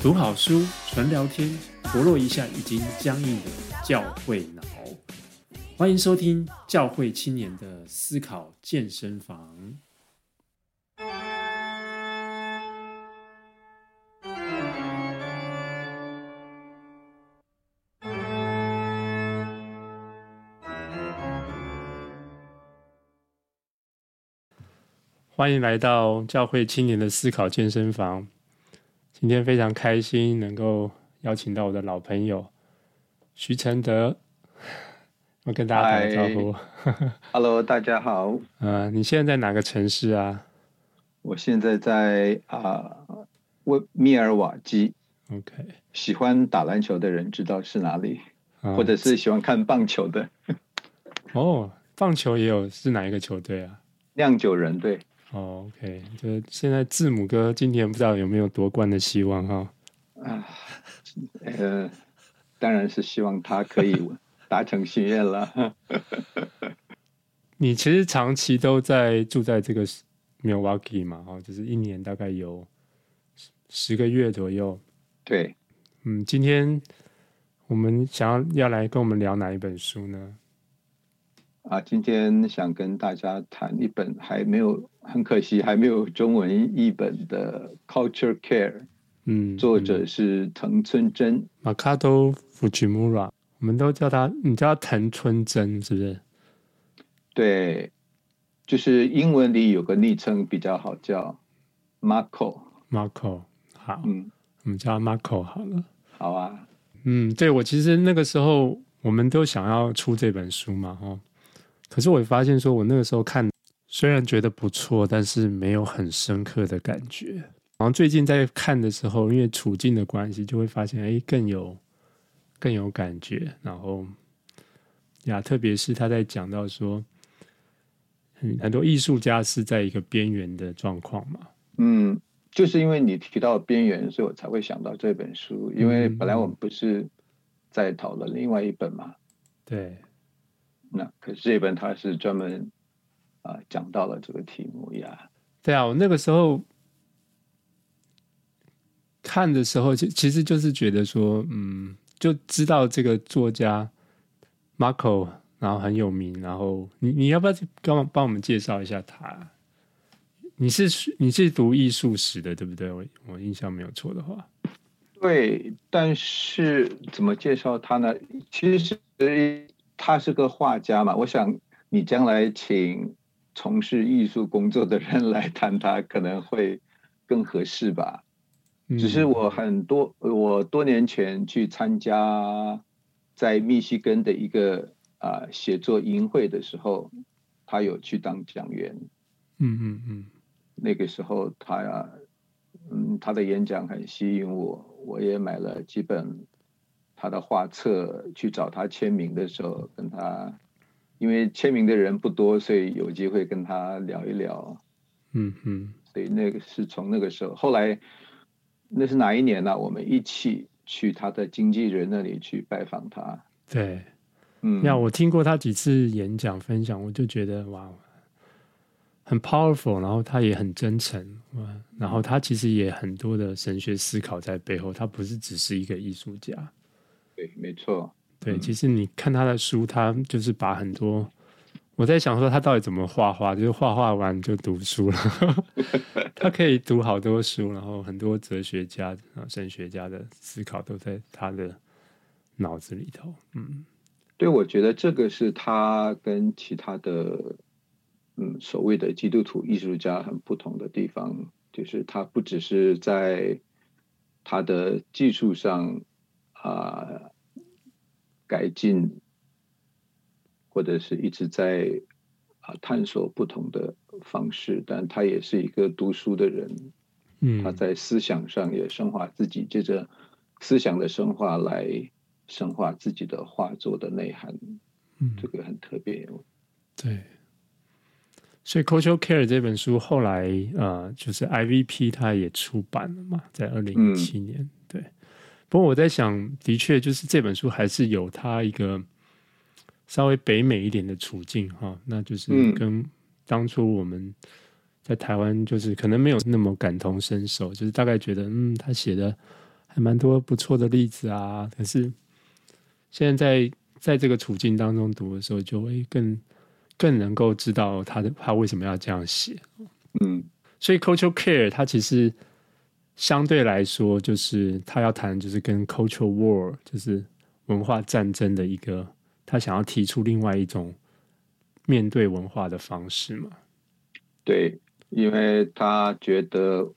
讀好書，純聊天，活絡一下已經僵硬的教會腦。歡迎收聽教會青年的思考健身房。歡迎來到教會青年的思考健身房。今天非常開心，能夠邀請到我的老朋友徐成德。 我跟大家打個招呼，Hi.，Hello，大家好。啊、嗯，你現在在哪個城市啊？我現在在啊，威、呃、密爾瓦基。OK，喜歡打籃球的人知道是哪裡，嗯，或者是喜歡看棒球的。 哦，棒球也有是哪一個球隊啊？釀酒人隊。Oh, OK，就現在，字母哥今天不知道有沒有奪冠的希望哈？啊，呃，當然是希望他可以達成心願了。 你其實長期都在住在這個 Milwaukee 嘛，哦，就是一年大概有十十個月左右。對，嗯，今天我們想要要來跟我們聊哪一本書呢？啊，今天想跟大家談一本還沒有。很可惜，還沒有中文譯本的《Culture Care》，嗯。嗯，作者是藤村真 （Makoto Fujimura），我們都叫他，你叫他藤村真是不是？對，就是英文裡有個昵稱比較好叫 Mako。Mako，好，嗯，我們叫他 Mako 好了。好啊，嗯，對我其實那個時候我們都想要出這本書嘛，哈，可是我發現說我那個時候看。雖然覺得不錯，但是沒有很深刻的感覺。然後最近在看的時候，因為處境的關係，就會發現，哎，更有更有感覺。然後呀，特別是他在講到說，很很多藝術家是在一個邊緣的狀況嘛。嗯，就是因為你提到邊緣，所以我才會想到這本書。因為本來我們不是在討論另外一本嘛。嗯，對。那可是這本他是專門。啊，講到了這個題目呀，對啊，我那個時候看的時候，其其實就是覺得說，嗯，就知道這個作家 Mako，然後很有名，然後你你要不要幫幫我們介紹一下他？你是你是讀藝術史的，對不對？我我印象沒有錯的話，對，但是怎麼介紹他呢？其實他是個畫家嘛，我想你將來請。從事藝術工作的人來談他可能會更合適吧？嗯。只是我很多，我多年前去參加在密西根的一個啊、呃、寫作營會的時候，他有去當講員。嗯嗯嗯。那個時候他呀、嗯，他的演講很吸引我，我也買了幾本他的畫冊，去找他簽名的時候跟他。因為簽名的人不多，所以有機會跟他聊一聊。嗯嗯，所以那個是從那個時候，後來那是哪一年呢、啊？我們一起去他的經紀人那裡去拜訪他。對，嗯，那我聽過他幾次演講分享，我就覺得哇，很 powerful，然後他也很真誠，嗯，然後他其實也很多的神學思考在背後，他不是只是一個藝術家。對，沒錯。對，其實你看他的書，他就是把很多我在想說他到底怎麼畫畫，就是畫畫完就讀書了。 他可以讀好多書，然後很多哲學家、啊神學家的思考都在他的腦子裡頭。嗯，對，我覺得這個是他跟其他的，嗯，所謂的基督徒藝術家很不同的地方，就是他不只是在他的技術上啊。呃改進，或者是一直在啊探索不同的方式，但他也是一個讀書的人，嗯，他在思想上也深化自己，藉著思想的深化來深化自己的畫作的內涵，嗯，這個很特別，對。所以《Culture Care》這本書後來啊、呃，就是 IVP 他也出版了嘛，在二零一七年、嗯，對。不過我在想，的確就是這本書還是有它一個稍微北美一點的處境哈，那就是跟當初我們在台灣就是可能沒有那麼感同身受，就是大概覺得嗯，他寫的還蠻多不錯的例子啊，可是現在在，在這個處境當中讀的時候，就會更更能夠知道他的他為什麼要這樣寫，嗯，所以 Culture Care 它其實。相對來說，就是他要談，就是跟 cultural war，就是文化戰爭的一個，他想要提出另外一種面對文化的方式嘛？對，因為他覺得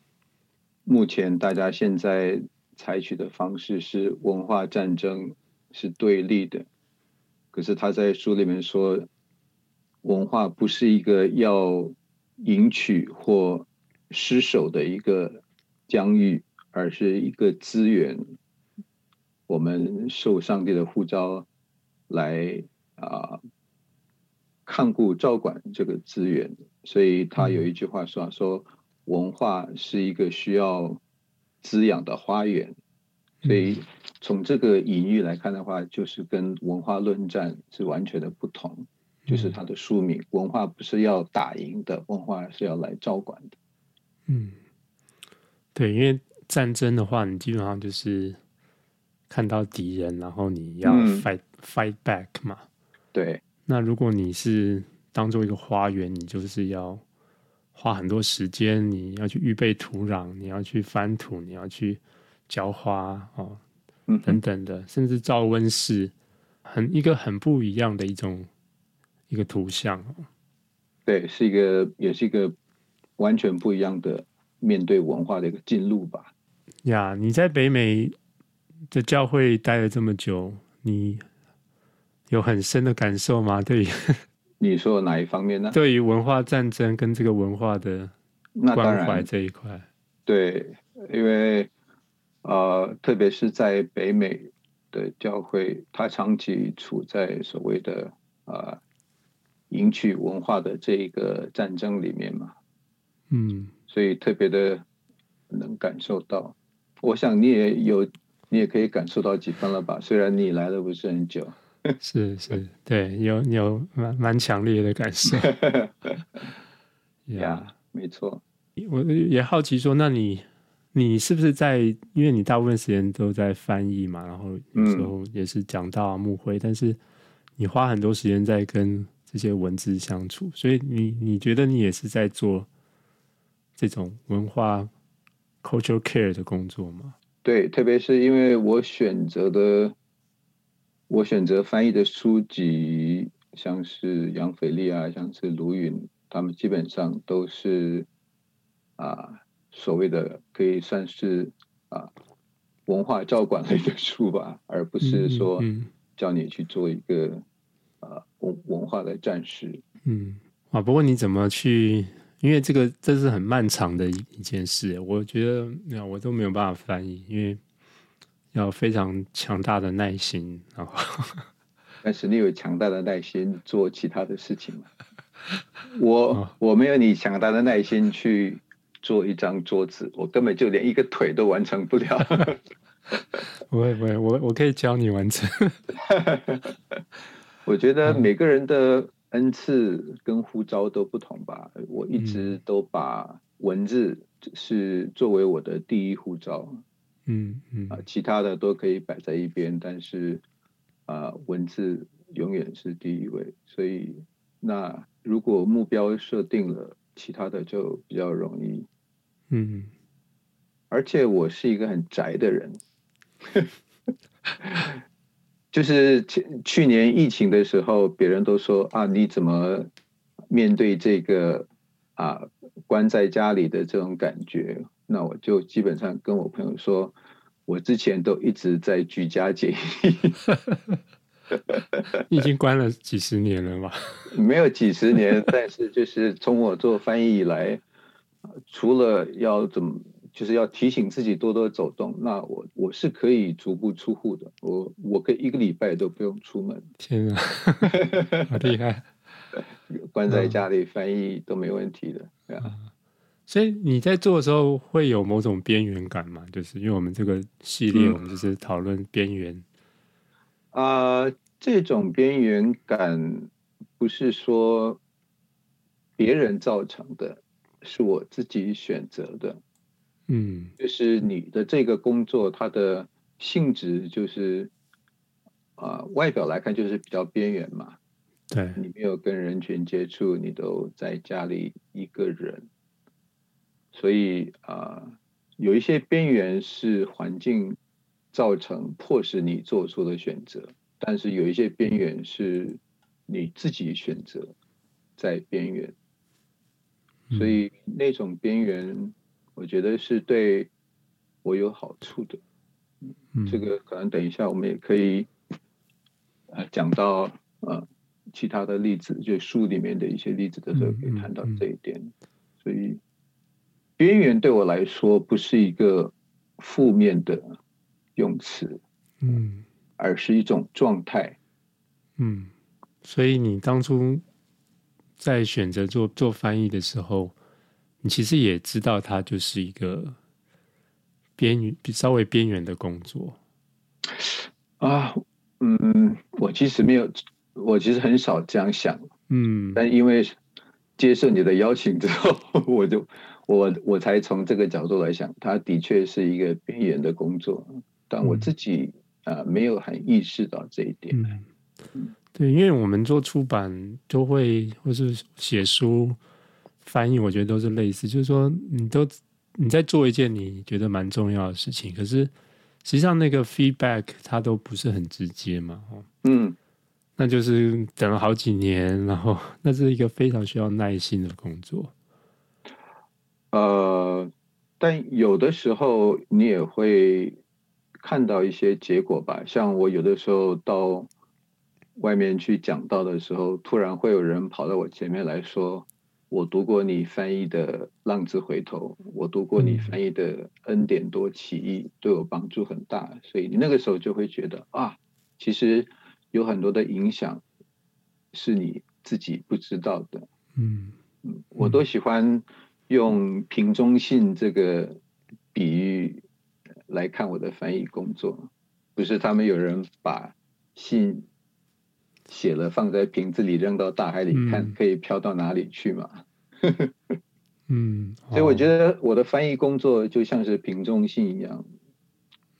目前大家現在採取的方式是文化戰爭，是對立的，可是他在書裡面說，文化不是一個要贏取或失守的一個。疆域，而是一個資源。我們受上帝的呼召來啊看、呃、顧照管這個資源，所以他有一句話說：“嗯、說文化是一個需要滋養的花園。”所以從這個隱喻來看的話，就是跟文化論戰是完全的不同。就是它的宿命，文化不是要打贏的，文化是要來照管的。嗯。對，因為戰爭的話，你基本上就是看到敵人，然後你要 fight、嗯、fight back 嘛。對，那如果你是當做一個花園，你就是要花很多時間，你要去預備土壤，你要去翻土，你要去澆花啊、哦嗯，等等的，甚至造溫室，很一個很不一樣的一種一個圖像。對，是一個，也是一個完全不一樣的。面對文化的一個進入吧。呀、yeah，你在北美的教會待了這麼久，你有很深的感受嗎？對於你說哪一方面呢？對於文化戰爭跟這個文化的關懷這一塊，對，因為呃，特別是在北美的教會，它長期處在所謂的啊、呃、贏取文化的這一個戰爭裡面嘛。嗯。所以特別的能感受到，我想你也有，你也可以感受到幾分了吧？雖然你來了不是很久， 是是，對，有有蠻蠻強烈的感受。呀、 yeah,，yeah. 沒錯，我也好奇說，那你你是不是在？因為你大部分時間都在翻譯嘛，然後有時候也是講到、啊嗯、牧會，但是你花很多時間在跟這些文字相處，所以你你覺得你也是在做。這種文化 culture care 的工作嗎？對，特別是因為我選擇的，我選擇翻譯的書籍，像是楊腓力啊，像是盧雲，他們基本上都是啊、呃，所謂的可以算是啊、呃、文化照管類的書吧，而不是說嗯叫你去做一個啊文、嗯嗯呃、文化的戰士。嗯啊，不過你怎麼去？因為這個這是很漫長的一件事，我覺得我都沒有辦法翻譯，因為要非常強大的耐心，然後，但是你有強大的耐心做其他的事情嗎？我、哦、我沒有你強大的耐心去做一張桌子，我根本就連一個腿都完成不了。 不會不會，我我可以教你完成。 我覺得每個人的、嗯。恩賜跟呼召都不同吧，我一直都把文字是作為我的第一呼召。嗯嗯啊、呃，其他的都可以擺在一邊，但是啊、呃，文字永遠是第一位，所以那如果目標設定了，其他的就比較容易，嗯，嗯，而且我是一個很宅的人。 就是去去年疫情的時候，別人都說啊，你怎麼面對這個啊關在家裡的這種感覺？那我就基本上跟我朋友說，我之前都一直在居家檢疫， 已經關了幾十年了嗎？ 沒有幾十年，但是就是從我做翻譯以來，啊，除了要怎麼。就是要提醒自己多多走動。那我我是可以足不出戶的，我我可以一個禮拜都不用出門。天啊， 好厲害！ 關在家裡翻譯都沒問題的。啊、嗯嗯嗯嗯，所以你在做的時候會有某種邊緣感嗎？就是因為我們這個系列，我們就是討論邊緣。啊、嗯嗯呃，這種邊緣感不是說別人造成的，是我自己選擇的。嗯，就是你的這個工作，它的性質就是，啊，外表來看就是比較邊緣嘛。對，你沒有跟人群接觸，你都在家裡一個人，所以啊、呃，有一些邊緣是環境造成，迫使你做出的選擇，但是有一些邊緣是你自己選擇在邊緣，所以那種邊緣。我覺得是對我有好處的，嗯，這個可能等一下我們也可以啊講到呃、啊、其他的例子，就書裡面的一些例子的時候可以談到這一點。所以邊緣對我來說不是一個負面的用詞，嗯，而是一種狀態。嗯，嗯，嗯。所以你當初在選擇做做翻譯的時候。你其實也知道，它就是一個邊緣、稍微邊緣的工作啊。嗯，我其實沒有，我其實很少這樣想。嗯，但因為接受你的邀請之後，我就我我才從這個角度來想，它的確是一個邊緣的工作。但我自己啊、嗯呃，沒有很意識到這一點。嗯，對，因為我們做出版，都會或是寫書。翻譯我覺得都是類似，就是說你都你在做一件你覺得蠻重要的事情，可是實際上那個 feedback 它都不是很直接嘛，哦，嗯，那就是等了好幾年，然後那是一個非常需要耐心的工作。呃，但有的時候你也會看到一些結果吧，像我有的時候到外面去講道的時候，突然會有人跑到我前面來說，我讀過你翻譯的《浪子回頭》，我讀過你翻譯的《恩典多奇異》，對我幫助很大，所以你那個時候就會覺得啊，其實有很多的影響是你自己不知道的。嗯嗯，我都喜歡用瓶中信這個比喻來看我的翻譯工作，不是他們有人把信。寫了放在瓶子裡扔到大海裡，看可以飄到哪裡去嘛嗯？ 嗯，所以我覺得我的翻譯工作就像是瓶中信一樣，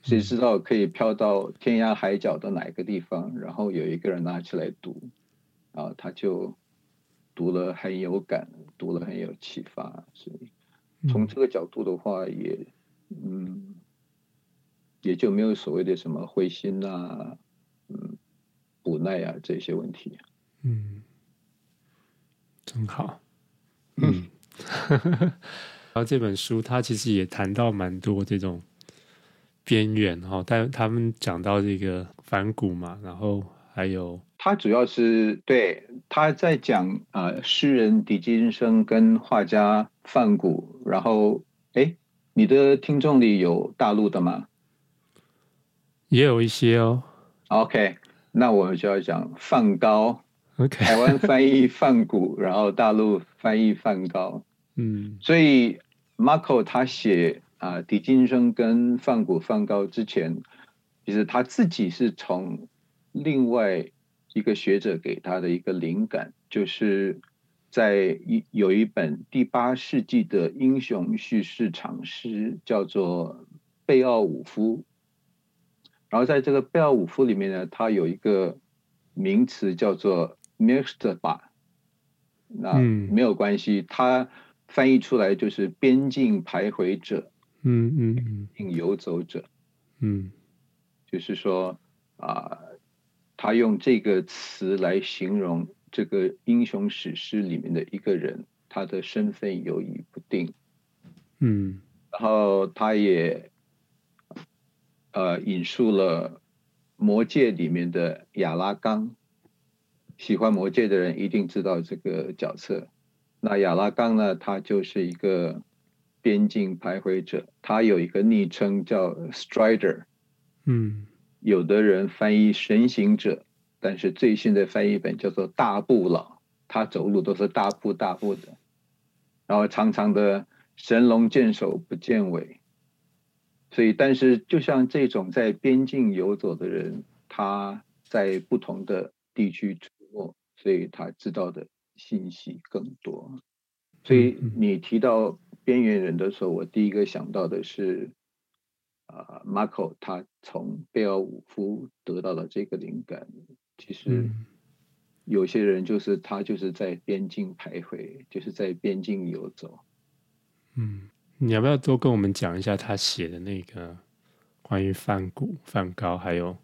誰知道可以飄到天涯海角的哪一個地方？然後有一個人拿起來讀，然後他就讀了很有感，讀了很有啟發。所以從這個角度的話，也嗯，也就沒有所謂的什麼灰心吶、啊，嗯。不耐啊，這些問題、啊。嗯，真好。嗯，嗯 然後這本書他其實也談到蠻多這種邊緣哈，但、哦、他，他們講到這個梵谷嘛，然後還有他主要是對他在講啊、呃，詩人狄金生跟畫家梵谷，然後哎，你的聽眾裡有大陸的嗎？也有一些哦。OK。那我們就要講梵高，OK？台灣翻譯梵谷， 然後大陸翻譯梵高，嗯。所以 Mako 他寫啊，狄、呃、金森跟梵谷、梵高之前，就是他自己是從另外一個學者給他的一個靈感，就是在一有一本第八世紀的英雄敘事長詩，叫做《貝奧武夫》。然後在這個貝爾武夫裡面呢，它有一個名詞叫做 mearcstapa”，那沒有關係，它、嗯、翻譯出來就是“邊境徘徊者”，嗯嗯嗯，嗯遊走者，嗯，就是說啊、呃，他用這個詞來形容這個英雄史詩裡面的一個人，他的身份有以不定，嗯，然後他也。呃，引述了《魔戒》裡面的亞拉岡，喜歡《魔戒》的人一定知道這個角色。那亞拉岡呢，他就是一個邊境徘徊者，他有一個昵稱叫 Strider，嗯，有的人翻譯神行者，但是最新的翻譯本叫做大步佬，他走路都是大步大步的，然後長長的神龍見首不見尾。所以，但是就像這種在邊境遊走的人，他在不同的地區出沒，所以他知道的信息更多。所以你提到邊緣人的時候，我第一個想到的是，啊、呃，馬可他從貝爾武夫得到了這個靈感。其實，有些人就是他就是在邊境徘徊，就是在邊境遊走。嗯。你要不要多跟我們講一下他寫的那個關於梵谷、梵高還有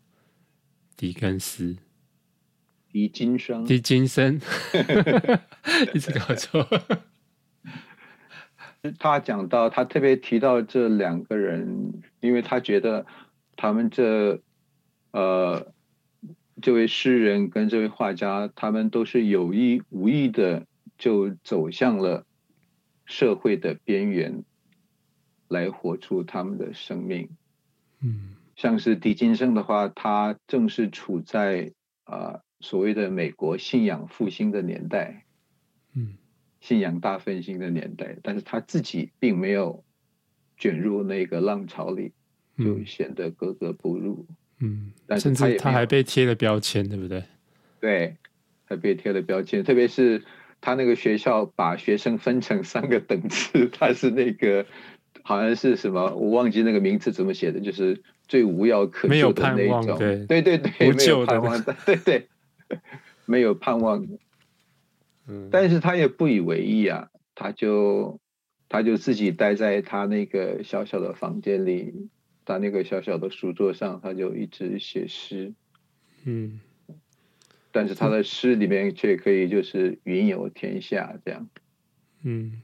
狄更斯、狄金生、狄金森，一直搞錯。他講到，他特別提到這兩個人，因為他覺得他們這呃這位詩人跟這位畫家，他們都是有意無意的就走向了社會的邊緣。來活出他們的生命，嗯、像是狄金森的話，他正是處在、呃、所謂的美國信仰復興的年代，嗯、信仰大復興的年代，但是他自己並沒有捲入那個浪潮裡，嗯、就顯得格格不入，嗯、但是甚至他他還被貼了標籤，對不對？對，還被貼了標籤，特別是他那個學校把學生分成三個等次，他是那個。好像是什麼，我忘記那個名字怎麼寫的，就是最無藥可救的那一種，對，對對對，沒有盼望的，對對，沒有盼望。嗯，但是他也不以為意啊，他就他就自己待在他那個小小的房間裡，他那個小小的書桌上，他就一直寫詩。嗯，但是他的詩裡面卻可以就是雲遊天下這樣。嗯。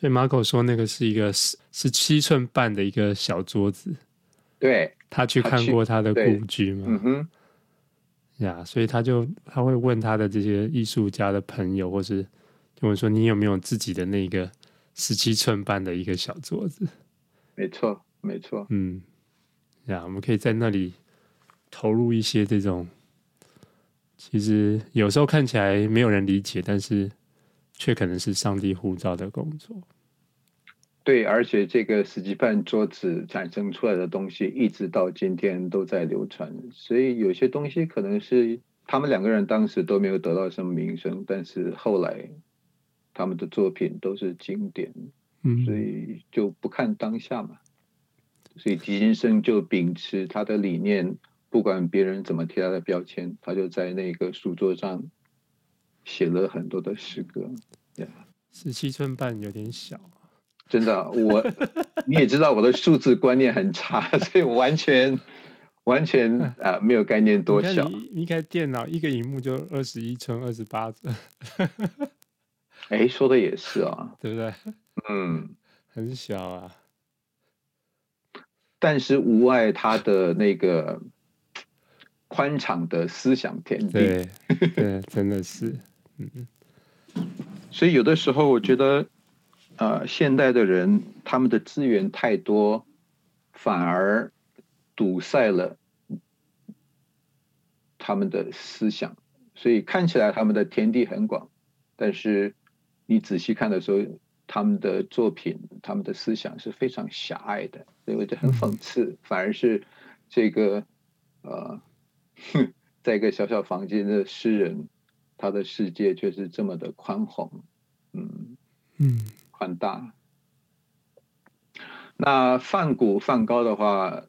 所以 Mako 說那個是一個十十七寸半的一個小桌子，對，他去看過他的故居嘛，嗯哼，呀、yeah，所以他就他會問他的這些藝術家的朋友，或是就問說你有沒有自己的那個十七寸半的一個小桌子？沒錯，沒錯，嗯，呀、yeah，我們可以在那裡投入一些這種，其實有時候看起來沒有人理解，但是卻可能是上帝呼召的工作。對，而且這個十幾份桌子產生出來的東西，一直到今天都在流傳。所以有些東西可能是他們兩個人當時都沒有得到什麼名聲，但是後來他們的作品都是經典。嗯，所以就不看當下嘛。所以狄先生就秉持他的理念，不管別人怎麼貼他的標籤，他就在那個書桌上。寫了很多的詩歌，對，十七寸半有點小、啊，真的、啊，我 你也知道我的數字觀念很差，所以我完全完全啊沒有概念多小。你看你你電腦一個熒幕就二十一寸二十八寸，哎、 欸，說的也是啊、哦， 對不對？嗯，很小啊，但是無礙他的那個寬敞的思想天地，對，對，真的是。 嗯嗯，所以有的時候我覺得，啊、呃，現代的人他們的資源太多，反而堵塞了他們的思想。所以看起來他們的天地很廣，但是你仔細看的時候，他們的作品、他們的思想是非常狹隘的。所以這很諷刺，反而是這個啊、呃，在一個小小房間的詩人。他的世界卻是這麼的寬宏，嗯，寬大。那梵谷梵高的話，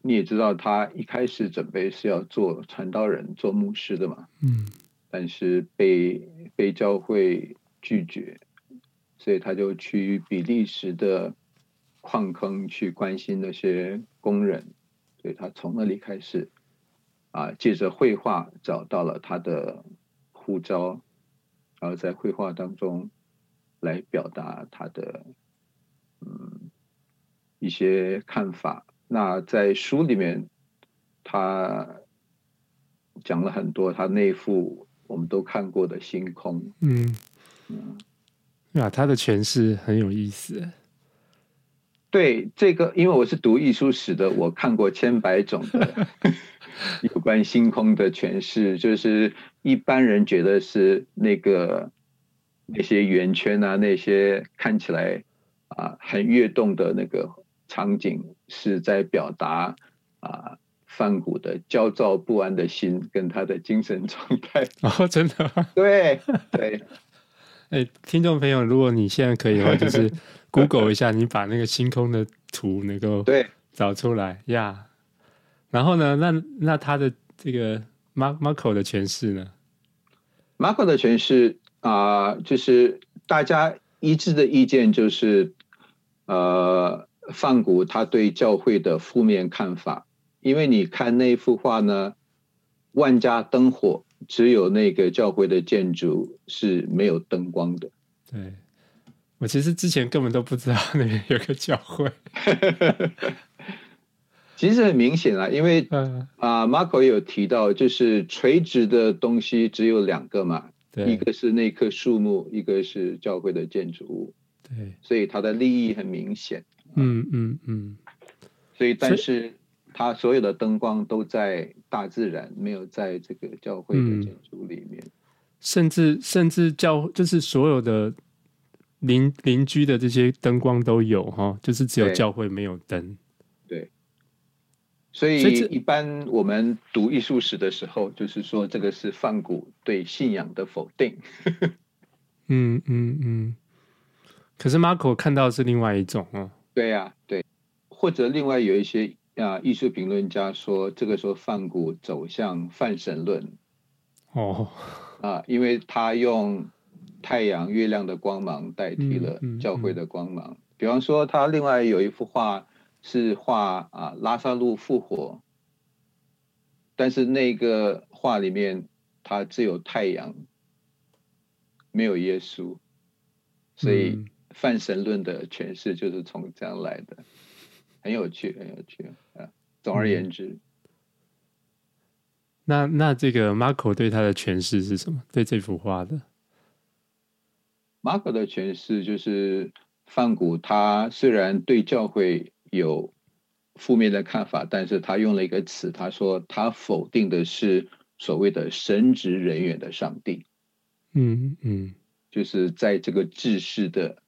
你也知道，他一開始準備是要做傳道人、做牧師的嘛，嗯，但是被被教會拒絕，所以他就去比利時的礦坑去關心那些工人，所以他從那裡開始，啊，借着繪畫找到了他的。步招，而在繪畫當中來表達他的嗯一些看法。那在書裡面，他講了很多他那幅我們都看過的星空。嗯嗯，那他的詮釋很有意思。對這個，因為我是讀藝術史的，我看過千百種的。 有關星空的詮釋，就是一般人覺得是那個那些圓圈啊，那些看起來啊很躍動的那個場景，是在表達啊梵谷的焦躁不安的心跟他的精神狀態。哦，真的嗎？對對。哎、 欸，聽眾朋友，如果你現在可以的話，就是 Google 一下， 你把那個星空的圖能夠對找出來呀。然後呢？那那他的這個 Mako 的詮釋呢？Mako 的詮釋啊、呃，就是大家一致的意見就是，呃，梵谷他對教會的負面看法，因為你看那幅畫呢，萬家燈火，只有那個教會的建築是沒有燈光的。對，我其實之前根本都不知道那邊有個教會。 其實很明顯了，因為、嗯、啊馬 a 有提到，就是垂直的東西只有兩個嘛，對，一個是那棵樹木，一個是教會的建築物。對，所以它的利益很明顯。嗯嗯嗯。所以，但是它所有的燈光都在大自然，沒有在這個教會的建築物裡面。嗯、甚至甚至教就是所有的鄰鄰居的這些燈光都有哈、哦，就是只有教會沒有燈。對。對所以一般我們讀藝術史的時候，就是說這個是梵谷對信仰的否定 嗯。嗯嗯嗯。可是 Mako 看到是另外一種哦、啊。對呀、啊，對，或者另外有一些啊，藝術評論家說這個時候梵谷走向泛神論。哦，啊，因為他用太陽、月亮的光芒代替了教會的光芒。嗯嗯嗯、比方說，他另外有一幅畫。是畫啊，拉薩路復活，但是那個畫裡面它只有太陽，沒有耶穌，所以、嗯、泛神論的詮釋就是從這樣來的，很有趣，很有趣啊。總而言之，嗯、那那這個 Mako 對他的詮釋是什麼？對這幅畫的 Mako 的詮釋就是梵谷，他雖然對教會。有負面的看法，但是他用了一個詞，他說他否定的是所謂的神職人員的上帝，嗯嗯，就是在這個制式的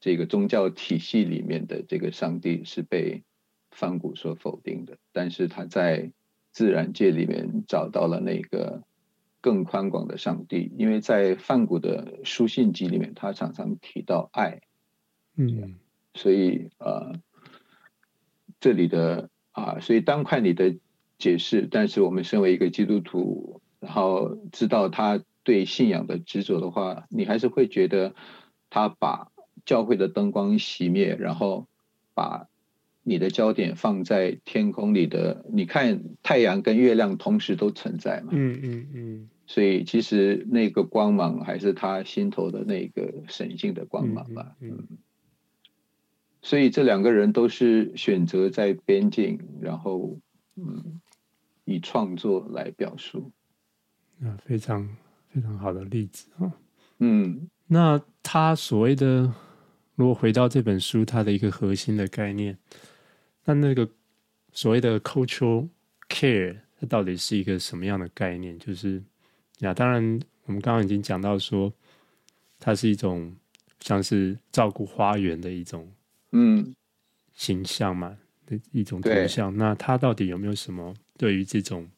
這個宗教體系裡面的這個上帝是被梵谷所否定的，但是他在自然界裡面找到了那個更寬廣的上帝，因為在梵谷的書信集裡面，他常常提到愛，嗯，所以呃。這裡的啊，所以當看你的解釋，但是我們身為一個基督徒，然後知道他對信仰的執着的話，你還是會覺得他把教會的燈光熄滅，然後把你的焦點放在天空裡的，你看太陽跟月亮同時都存在嘛。嗯嗯嗯。所以其實那個光芒還是他心頭的那個神性的光芒吧？嗯。嗯所以這兩個人都是選擇在邊境，然後，嗯，以創作來表述。那非常非常好的例子哈。嗯，那他所謂的，如果回到這本書，它的一個核心的概念，那那個所謂的 Culture Care，它到底是一個什麼樣的概念？就是，那當然，我們剛剛已經講到說，它是一種像是照顧花園的一種。嗯，形象嘛，一種圖像。那他到底有沒有什麼對於這種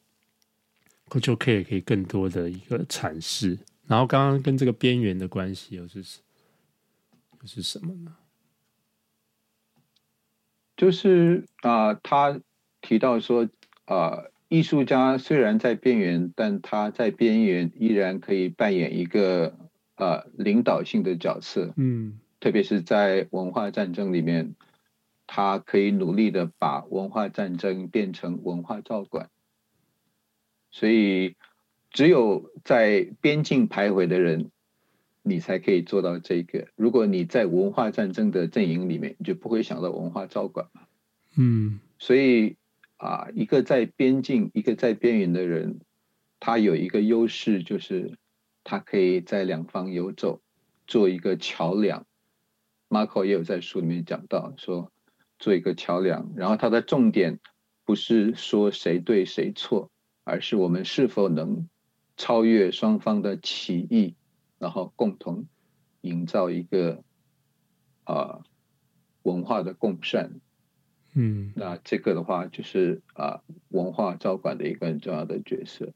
Culture Care 可以更多的一個闡釋？然後剛剛跟這個邊緣的關係又是、就是什麼呢？就是啊、呃，他提到說啊、呃，藝術家雖然在邊緣，但他在邊緣依然可以扮演一個啊、呃、領導性的角色。嗯。特別是在文化戰爭裡面，他可以努力的把文化戰爭變成文化照管。所以，只有在邊境徘徊的人，你才可以做到這個。如果你在文化戰爭的陣營裡面，你就不會想到文化照管嘛。嗯。所以啊，一個在邊境，一個在邊緣的人，他有一個優勢，就是他可以在兩方游走，做一個橋梁。Mako 也有在書裡面講到說，做一個橋樑，然後他的重點不是說誰對誰錯，而是我們是否能超越雙方的歧義，然後共同營造一個啊、呃、文化的共善。嗯，那這個的話就是啊、呃、文化照管的一個很重要的角色。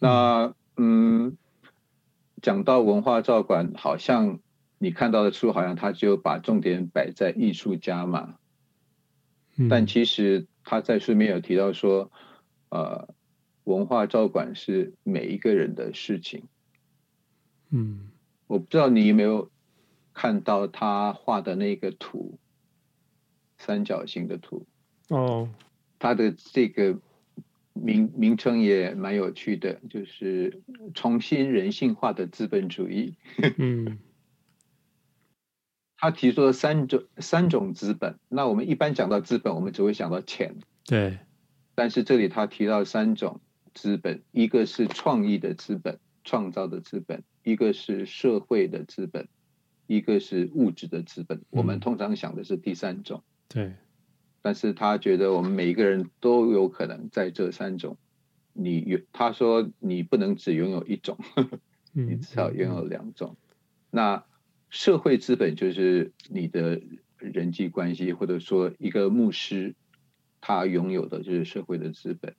那嗯，講、嗯、到文化照管，好像。你看到的書好像他就把重點擺在藝術家嘛、嗯，但其實他在書面有提到說，呃，文化照管是每一個人的事情。嗯，我不知道你有沒有看到他畫的那個圖，三角形的圖。哦，他的這個名名稱也蠻有趣的，就是重新人性化的資本主義。嗯。他提出了三種三種資本。那我們一般講到資本，我們只會想到錢。對。但是這裡他提到三種資本，一個是創意的資本，創造的資本，一個是社會的資本，一個是物質的資本。嗯、我們通常想的是第三種。對。但是他覺得我們每一個人都有可能在這三種，你，他說你不能只擁有一種，呵呵嗯、你至少擁有兩種。嗯嗯嗯、那。社會資本就是你的人際關係，或者說一個牧師他擁有的就是社會的資本。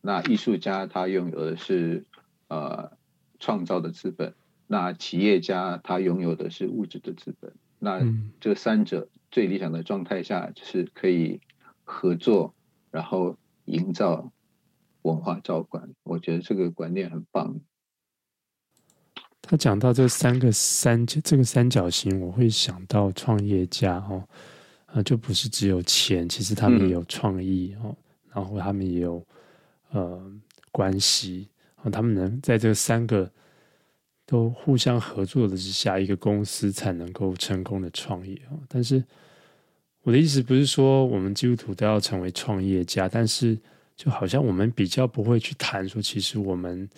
那藝術家他擁有的是呃創造的資本。那企業家他擁有的是物質的資本。那這三者最理想的狀態下，就是可以合作，然後營造文化照管。我覺得這個觀念很棒。他講到這三個三角，這個三角形，我會想到創業家哦，啊，就不是只有錢，其實他們也有創意哦，嗯，然後他們也有呃關係啊，他們能在這三個都互相合作的之下，一個公司才能夠成功的創業哦。但是我的意思不是說我們基督徒都要成為創業家，但是就好像我們比較不會去談說，其實我們，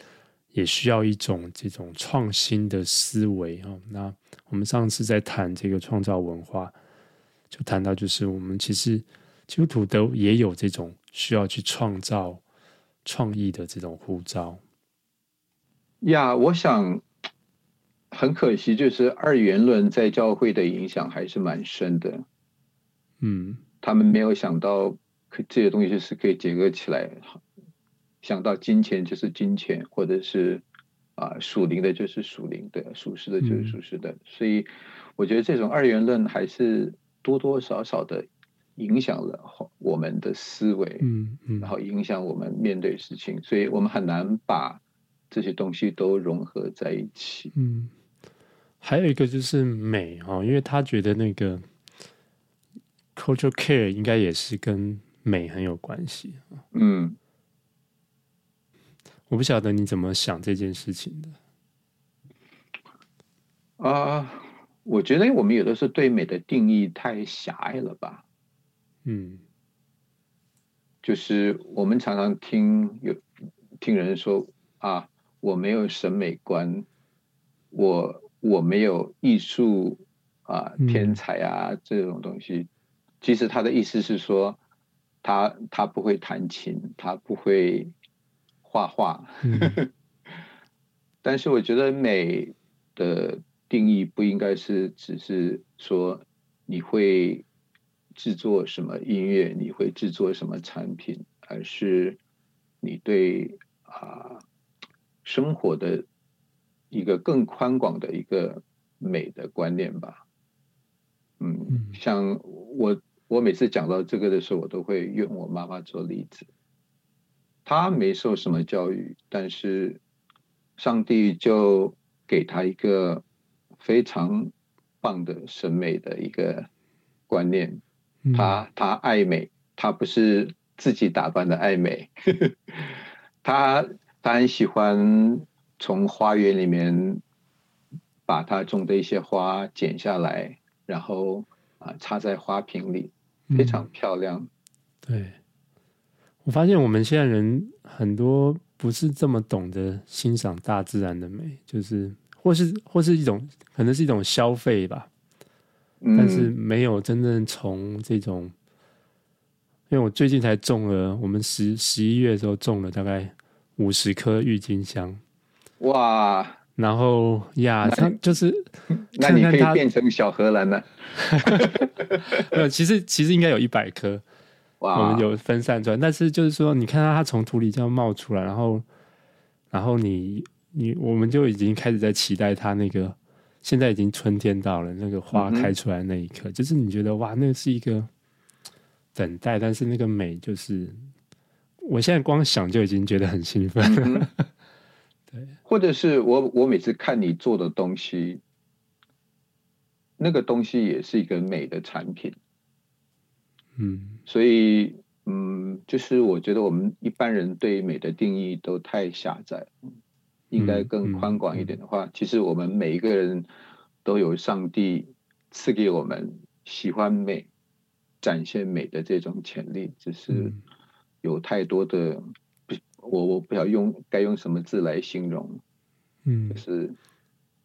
也需要一種這種創新的思維啊！那我們上次在談這個創造文化，就談到就是我們其實基督徒都也有這種需要去創造創意的這種呼召。呀，我想很可惜，就是二元論在教會的影響還是蠻深的。嗯，他們沒有想到這些東西是可以結合起來。想到金錢就是金錢，或者是，啊、呃，屬靈的就是屬靈的，屬世的就是屬世的，嗯。所以，我覺得這種二元論還是多多少少的，影響了我們的思維，嗯，嗯，然後影響我們面對事情，所以我們很難把這些東西都融合在一起。嗯，還有一個就是美，哦，因為他覺得那個，Culture Care 應該也是跟美很有關係。嗯。我不曉得你怎麼想這件事情的。啊、uh，我覺得我們有的時候對美的定義太狹隘了吧？嗯、mm，就是我們常常聽有聽人說啊，我沒有審美觀，我我沒有藝術啊天才啊、mm. 這種東西。其實他的意思是說，他他不會彈琴，他不會。畫畫，但是我覺得美的定義不應該是只是說你會製作什麼音樂，你會製作什麼產品，而是你對啊、呃，生活的，一個更寬廣的一個美的觀念吧。嗯，像我我每次講到這個的時候，我都會用我媽媽做例子。他沒受什麼教育，但是上帝就給他一個非常棒的審美的一個觀念。他他愛美，他不是自己打扮的愛美。 他他很喜歡從花園裡面把他種的一些花剪下來，然後啊插在花瓶裡，非常漂亮。嗯，對。我發現我們現在人很多不是這麼懂得欣賞大自然的美，就是或是或是一種可能是一種消費吧，但是沒有真正從這種、嗯。因為我最近才種了，我們十十一月的時候種了大概五十顆鬱金香，哇！然後呀，它就是那你可以變成小荷蘭呢、啊？ 沒有，其實其實應該有一百顆。Wow. 我們有分散出來，但是就是說，你看到它從土裡這樣冒出來，然後，然後你你我們就已經開始在期待它那個，現在已經春天到了，那個花開出來那一刻，嗯，就是你覺得哇，那是一個等待，但是那個美就是，我現在光想就已經覺得很興奮，嗯。 對，或者是我我每次看你做的東西，那個東西也是一個美的產品。嗯，所以，嗯，就是我覺得我們一般人對美的定義都太狹窄，應該更寬廣一點的話，嗯嗯、其實我們每一個人都有上帝賜給我們喜歡美、展現美的這種潛力，只、就是有太多的，嗯、我我不曉用該用什麼字來形容、嗯，就是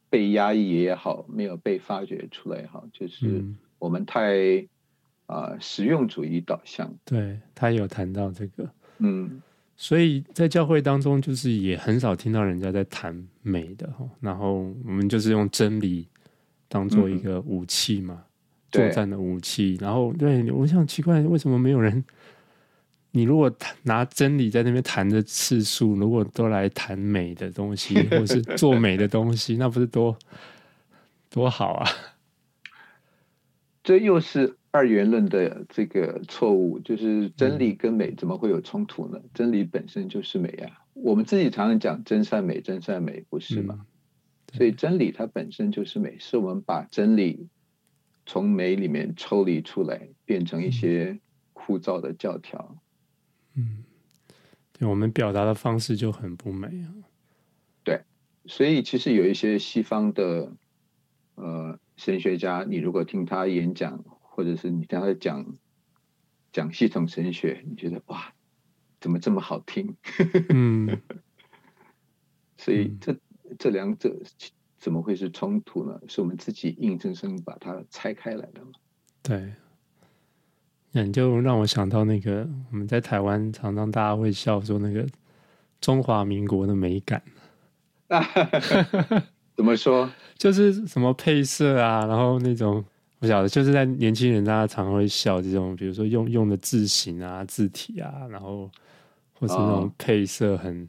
被壓抑也好，沒有被發掘出來也好，就是我們太。啊，實用主義導向，對，他有談到這個，嗯，所以在教會當中，就是也很少聽到人家在談美的。然後我們就是用真理當做一個武器嘛，嗯，作戰的武器。然後對，我想奇怪，為什麼沒有人？你如果拿真理在那邊談的次數，如果都來談美的東西， 或是做美的東西，那不是多多好啊？這又是。二元論的這個錯誤就是真理跟美怎麼會有衝突呢？嗯、真理本身就是美呀、啊。我們自己常常講真善美，真善美不是嗎、嗯？所以真理它本身就是美，是我們把真理從美裡面抽離出來，變成一些枯燥的教條。嗯，對，我們表達的方式就很不美啊。對，所以其實有一些西方的呃神學家，你如果聽他演講。或者是你剛才講講系統神學，你覺得哇，怎麼這麼好聽？嗯， 所以這、嗯、這兩者怎麼會是衝突呢？是我們自己硬生生把它拆開來的嗎？對。那你就讓我想到那個，我們在台灣常常大家會笑說那個中華民國的美感。 怎麼說？就是什麼配色啊，然後那種。不曉得，就是在年輕人，大家常，常會笑這種，比如說用用的字型啊、字體啊，然後或是那種配色很、哦、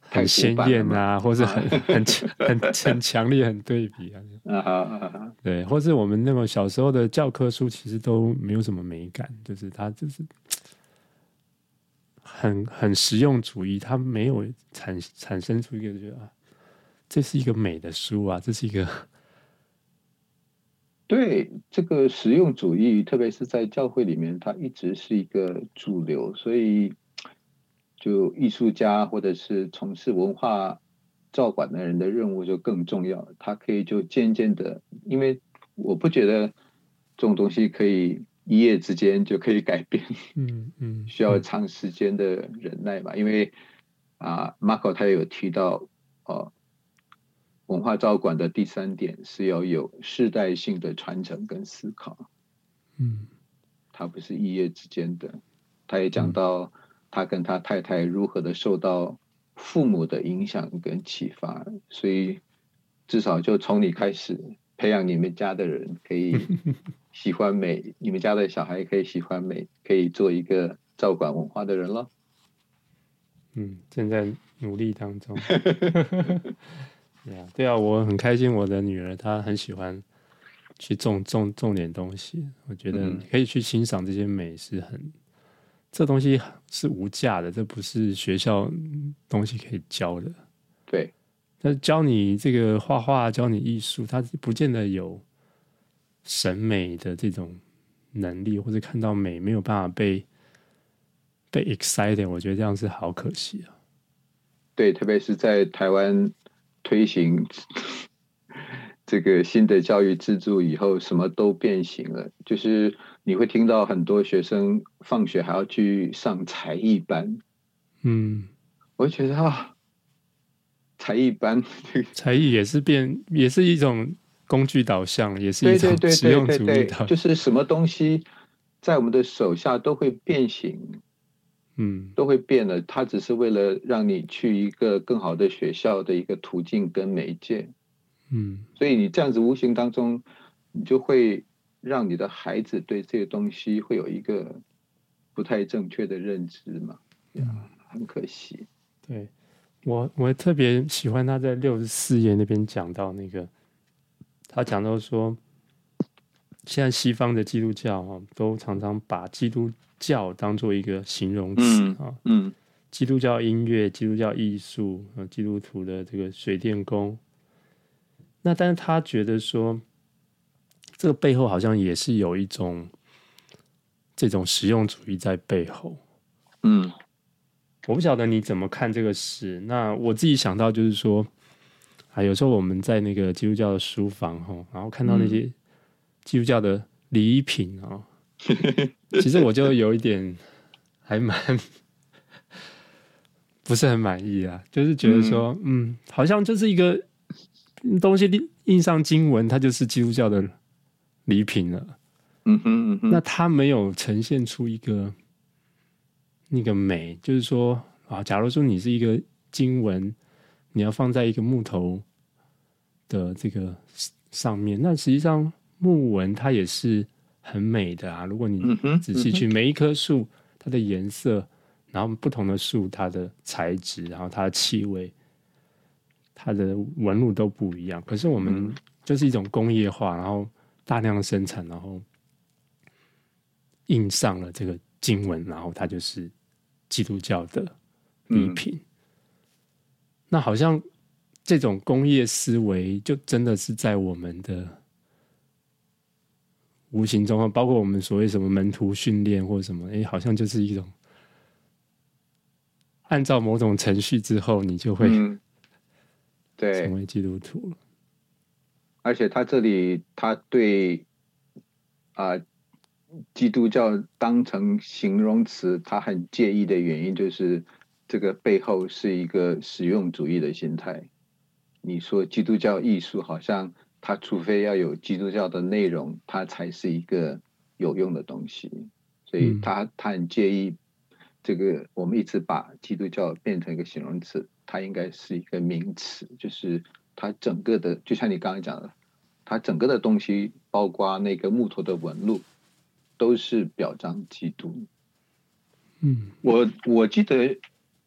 很鮮豔啊，是或是很很 很很強烈、很對比啊。啊啊啊啊對，或是我們那種小時候的教科書，其實都沒有什麼美感，就是它就是很很實用主義，它沒有產產生出一個覺、就、得、是、啊，這是一個美的書啊，這是一個。對這個實用主義，特別是在教會裡面，它一直是一個主流，所以就藝術家或者是從事文化照管的人的任務就更重要。他可以就漸漸的，因為我不覺得這種東西可以一夜之間就可以改變，嗯嗯，需要長時間的忍耐吧。因為啊，Mako、呃、他有提到哦。呃文化照管的第三點是要有世代性的傳承跟思考，嗯，他不是一夜之間的。他也講到他跟他太太如何的受到父母的影響跟啟發，所以至少就從你開始培養你們家的人可以喜歡美， 你們家的小孩可以喜歡美，可以做一個照管文化的人了。嗯，正在努力當中。 Yeah, 對啊，我很開心。我的女兒她很喜歡去種種種點東西，我覺得可以去欣賞這些美是很，這東西是無價的，這不是學校東西可以教的。對，她教你這個畫畫，教你藝術，他不見得有審美的這種能力，或者看到美沒有辦法被被 excited，我覺得這樣是好可惜啊。對，特別是在台灣。推行這個新的教育制度以後，什麼都變形了。就是你會聽到很多學生放學還要去上才藝班。嗯，我覺得啊，才藝班，才藝也是變，也是一種工具導向，也是一種實用主義導向。對對對對對，就是什麼東西在我們的手下都會變形。嗯，都會變的。他只是為了讓你去一個更好的學校的一個途徑跟媒介，嗯，所以你這樣子無形當中，你就會讓你的孩子對這個東西會有一個不太正確的認知嘛。嗯、yeah. 很可惜。對。我，我特別喜歡他在六十四頁那邊講到那個，他講到說，現在西方的基督教、哦、都常常把基督。教當做一個形容詞啊、嗯，嗯，基督教音樂、基督教藝術、基督徒的這個水電工，那但是他覺得說，這個背後好像也是有一種這種實用主義在背後，嗯，我不曉得你怎麼看這個事，那我自己想到就是說，啊，有時候我們在那個基督教的書房哈，然後看到那些基督教的禮品啊。嗯哦 其實我就有一點還蠻不是很滿意啊，就是覺得說嗯，嗯，好像就是一個東西印上經文，它就是基督教的禮品了。嗯哼，嗯哼，那它沒有呈現出一個那個美，就是說啊，假如說你是一個經文，你要放在一個木頭的這個上面，那實際上木紋它也是。很美的啊！如果你仔細去，每一棵樹它的顏色，然後不同的樹它的材質，然後它的氣味，它的紋路都不一樣。可是我們就是一種工業化，然後大量的生產，然後印上了這個經文，然後它就是基督教的禮品。嗯、那好像這種工業思維，就真的是在我們的。無形中，包括我們所謂什麼門徒訓練或者什麼，哎，好像就是一種按照某種程序之後，你就會對成為基督徒了、嗯。而且他這裡，他對啊、呃、基督教當成形容詞，他很介意的原因，就是這個背後是一個實用主義的心態。你說基督教藝術好像。他除非要有基督教的內容，它才是一個有用的東西。所以他，他他很介意這個。我們一直把基督教變成一個形容詞，它應該是一個名詞。就是它整個的，就像你剛剛講的，它整個的東西，包括那個木頭的紋路，都是表彰基督。嗯，我我記得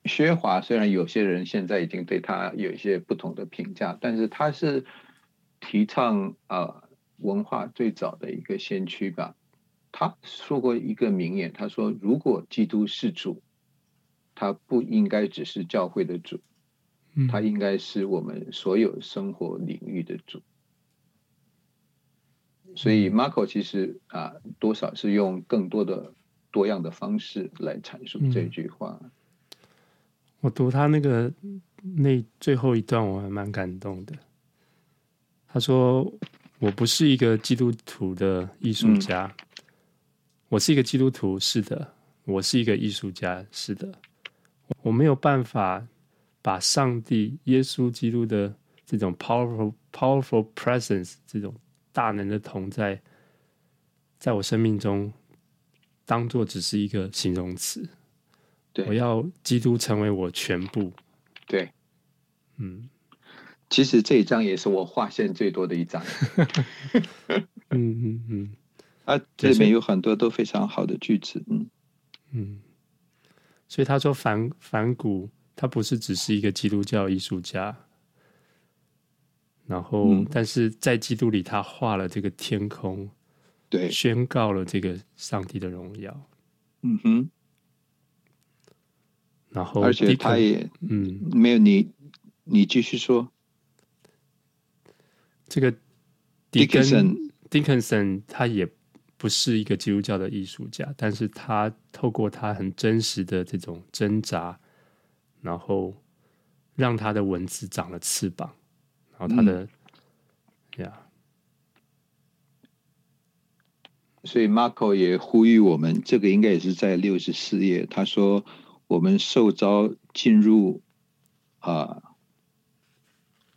薛華，雖然有些人現在已經對他有一些不同的評價，但是他是。提倡啊、呃，文化最早的一個先驅吧。他說過一個名言，他說：“如果基督是主，他不應該只是教會的主，他應該是我們所有生活領域的主。”所以 Mako 其實啊、呃，多少是用更多的多樣的方式來闡述這句話、嗯。我讀他那個那最後一段，我還蠻感動的。他說：“我不是一個基督徒的藝術家。嗯，我是一個基督徒，是的，我是一個藝術家，是的，我沒有辦法把上帝、耶穌基督的這種 powerful、powerful presence 這種大能的同在，在我生命中當做只是一個形容詞。我要基督成為我全部。”對，嗯。其實這一章也是我劃線最多的一章 嗯嗯嗯，啊，就是、這裡面有很多都非常好的句子，嗯嗯，所以他說梵、梵谷，他不是只是一個基督教藝術家，然後、嗯、但是在基督裡他畫了這個天空，對，宣告了這個上帝的榮耀，嗯哼，然後而且他也嗯，沒有你，你繼續說。這個 Dickinson，Dickinson Dickinson, Dickinson, 他也不是一個基督教的藝術家，但是他透過他很真實的這種掙扎，然後讓他的文字長了翅膀，然後他的呀、嗯 yeah，所以 Mako 也呼籲我們，這個應該也是在六十四頁，他說我們受招進入啊。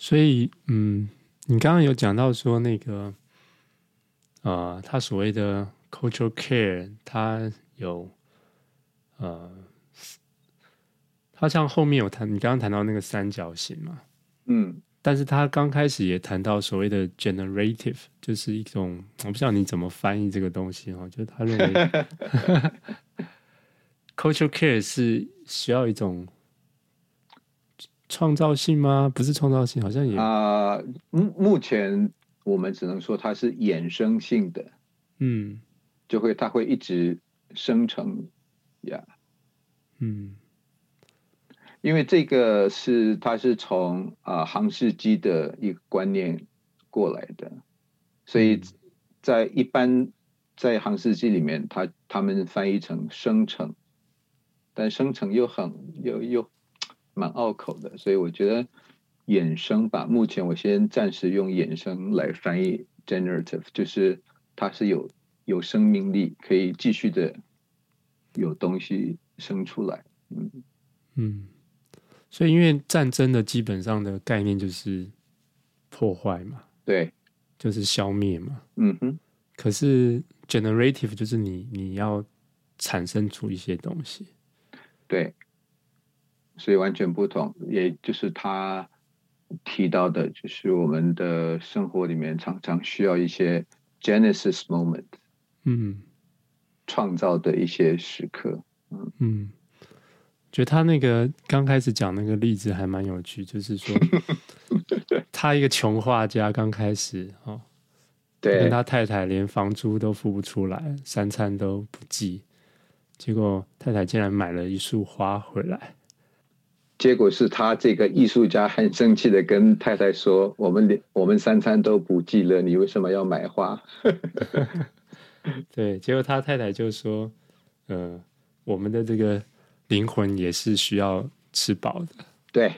所以，嗯，你剛剛有講到說那個，呃，他所謂的 Culture Care，他有，呃，他像後面有談，你剛剛談到那個三角形嘛，嗯，但是他剛開始也談到所謂的 generative，就是一種，我不知道你怎麼翻譯這個東西哈、哦，就是他認為 Culture Care 是需要一種。創造性嗎？不是創造性，好像也啊、呃。目目前，我們只能說它是衍生性的。嗯，就會它會一直生成呀。Yeah. 嗯，因為這個是它是從啊，杭士基的一個觀念過來的，所以在一般在杭士基裡面，它他們翻譯成生成，但生成又很又又。又蠻拗口的，所以我覺得衍生吧。目前我先暫時用衍生來翻譯 generative，就是它是有有生命力，可以繼續的有東西生出來。嗯，嗯，所以因為戰爭的基本上的概念就是破壞嘛，對，就是消滅嘛。嗯哼。可是 generative 就是你你要產生出一些東西，對。所以完全不同，也就是他提到的，就是我們的生活裡面常常需要一些 Genesis moment，嗯，創造的一些時刻，嗯，嗯。覺得他那個剛開始講那個例子還蠻有趣，就是說 他一個窮畫家剛開始，哦、對，他跟他太太連房租都付不出來，三餐都不繼，結果太太竟然買了一束花回來。結果是他這個藝術家很生氣的跟太太說：“我們連我們三餐都不記了，你為什麼要買花？” 對，結果他太太就說：“嗯、呃，我們的這個靈魂也是需要吃飽的。”對，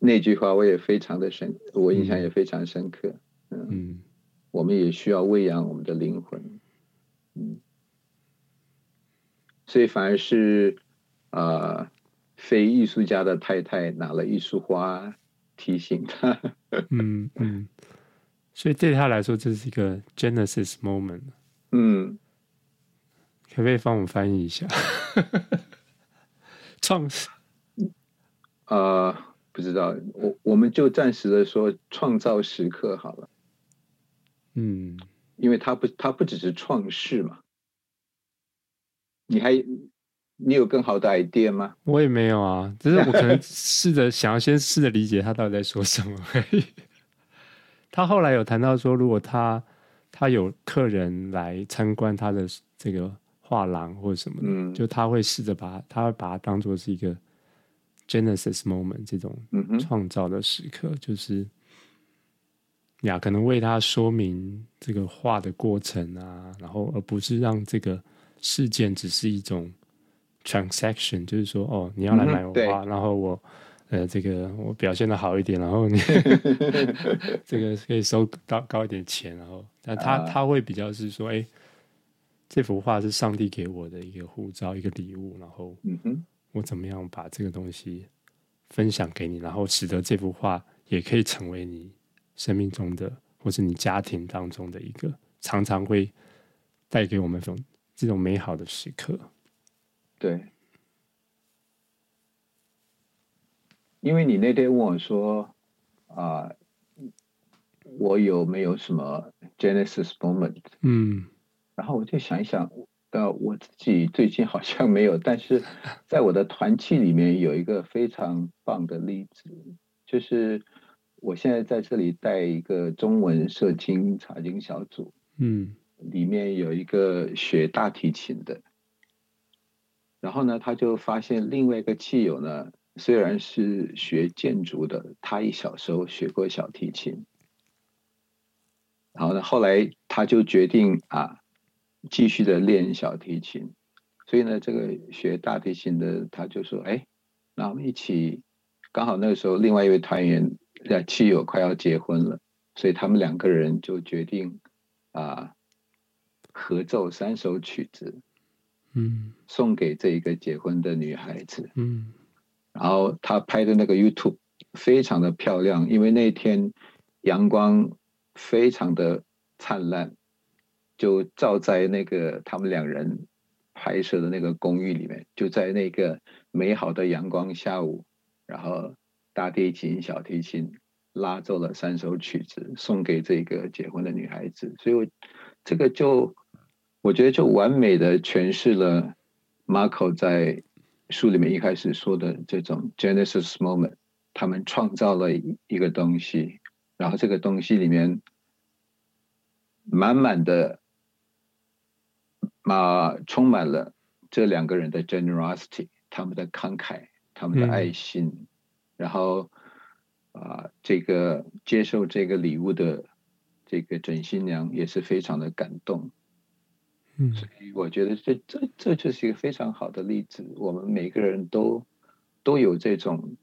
那句話我也非常的深，我印象也非常深刻。嗯，呃、我們也需要餵養我們的靈魂。嗯，所以反而是啊。呃非藝術家的太太拿了一束花提醒他，嗯嗯，所以對他來說，這是一個 Genesis moment，嗯，可不可以幫我翻譯一下？創 世啊，呃，不知道，我我們就暫時的說創造時刻好了，嗯，因為他不他不只是創世嘛，你還。你有更好的 idea 嗎？我也沒有啊，只是我可能試着想要先試着理解他到底在說什麼。 他後來有談到說，如果他他有客人來參觀他的這個畫廊或者什麼的、嗯，就他會試着把他會把他當做是一個 Genesis Moment 這種創造的時刻，嗯、就是呀、啊，可能為他說明這個畫的過程啊，然後而不是讓這個事件只是一種。Transaction 就是說，哦，你要來買我畫、嗯，然後我，呃，這個我表現得好一點，然後你， 這個可以收到高一點錢，然後，但他他會比較是說，哎，這幅畫是上帝給我的一個呼召，一個禮物，然後，嗯哼，我怎麼樣把這個東西分享給你，然後使得這幅畫也可以成為你生命中的或是你家庭當中的一個常常會帶給我們這種這種美好的時刻。對，因為你那天問我說，啊、呃，我有沒有什麼 Genesis Moment？嗯，然後我就想一想，呃，我自己最近好像沒有，但是在我的團契裡面有一個非常棒的例子，就是我現在在這裡帶一個中文聖經查經小組，嗯，裡面有一個學大提琴的。然後呢，他就發現另外一個騎友呢，雖然是學建築的，他一小時候學過小提琴。然後呢，後來他就決定啊，繼續的練小提琴。所以呢，這個學大提琴的他就說：“哎，那我們一起。”剛好那個時候，另外一位團員的騎友快要結婚了，所以他們兩個人就決定啊，合奏三首曲子。嗯，送給這一個結婚的女孩子。嗯，然後他拍的那個 YouTube 非常的漂亮，因為那天陽光非常的燦爛，就照在那個他們兩人拍攝的那個公寓裡面，就在那個美好的陽光下午，然後大提琴、小提琴拉奏了三首曲子，送給這個結婚的女孩子。所以，這個就。我覺得就完美的詮釋了 Mako 在書裡面一開始說的這種 Genesis moment，他們創造了一個東西，然後這個東西裡面滿滿的啊、呃、充滿了這兩個人的 generosity，他們的慷慨，他們的愛心，嗯嗯然後啊、呃、這個接受這個禮物的這個準新娘也是非常的感動。嗯、所以我覺得這這這就是一個非常好的例子。我們每個人都都有這種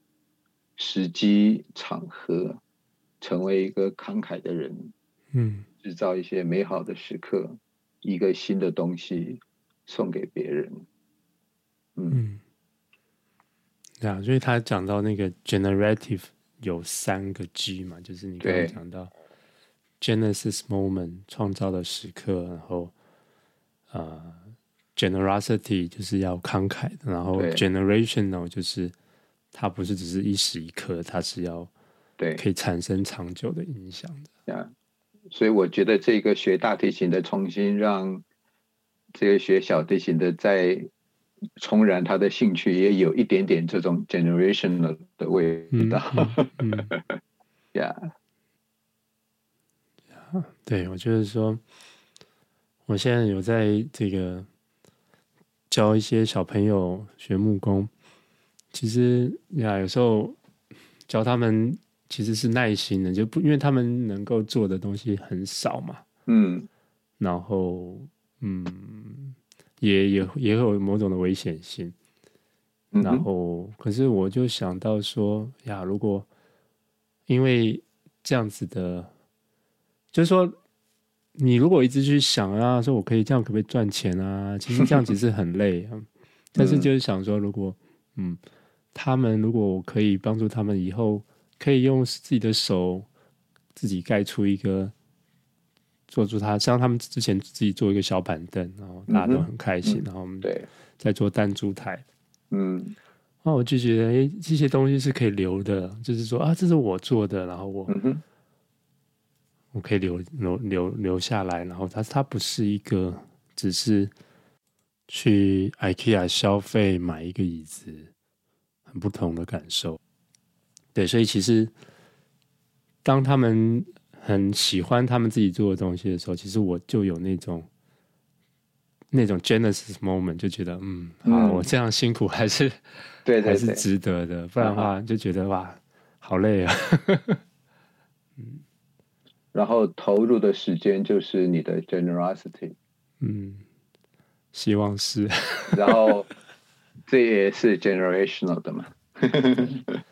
時機場合，成為一個慷慨的人，嗯，製造一些美好的時刻，一個新的東西送給別人。嗯，對、嗯、啊、嗯，所以他講到那個 generative 有三個 G 嘛，就是你剛剛講到 Genesis Moment 創造的時刻，然後。呃、uh，generosity 就是要慷慨，然後 generational 就是它不是只是一時一刻，它是要對可以產生長久的影響的。Yeah. 所以我覺得這個學大提琴的重新讓這個學小提琴的再重燃他的興趣，也有一點點這種 generational 的味道。嗯嗯嗯、 yeah. Yeah. 對，我就是說。我現在有在這個教一些小朋友學木工，其實呀，有時候教他們其實是耐心的，就不因為他們能夠做的東西很少嘛。嗯，然後嗯，也也也會有某種的危險性。然後，嗯，可是我就想到說，呀，如果因為這樣子的，就是說。你如果一直去想啊，說我可以這樣，可不可以賺錢啊？其實這樣其實很累啊。 但是就是想說，如果嗯，嗯，他們如果我可以幫助他們，以後可以用自己的手自己蓋出一個，做出他，像他們之前自己做一個小板凳，然後大家都很開心，嗯嗯、然後我們對在做彈珠台，嗯，那我就覺得哎，這些東西是可以留的，就是說啊，這是我做的，然後我。嗯我可以留留留留下來，然後它，他不是一個，只是去 IKEA 消費買一個椅子，很不同的感受。對，所以其實當他們很喜歡他們自己做的東西的時候，其實我就有那種那種 Genesis moment，就覺得嗯啊、嗯哦，我這樣辛苦還是對、對、對，還是值得的。不然的話就覺得哇，好累啊。 然後投入的時間就是你的 generosity，嗯，希望是。 然後這也是 generational 的嘛。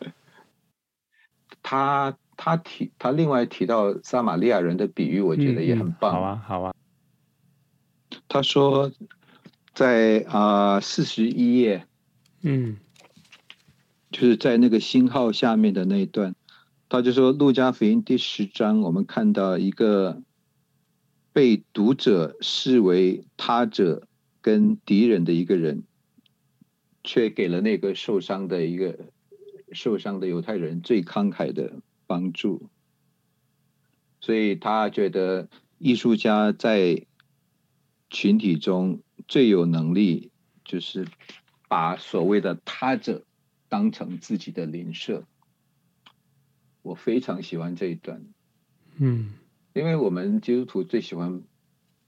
他他提他另外提到撒瑪利亞人的比喻，我覺得也很棒。嗯嗯。好啊，好啊。他說在啊四十一頁，嗯，就是在那個星號下面的那一段。他就說，《路加福音》第十章，我們看到一個被讀者視為他者、跟敵人的一個人，卻給了那個受傷的一個受傷的猶太人最慷慨的幫助。所以他覺得，藝術家在群體中最有能力，就是把所謂的他者當成自己的鄰舍。我非常喜歡這一段，嗯，因為我們基督徒最喜歡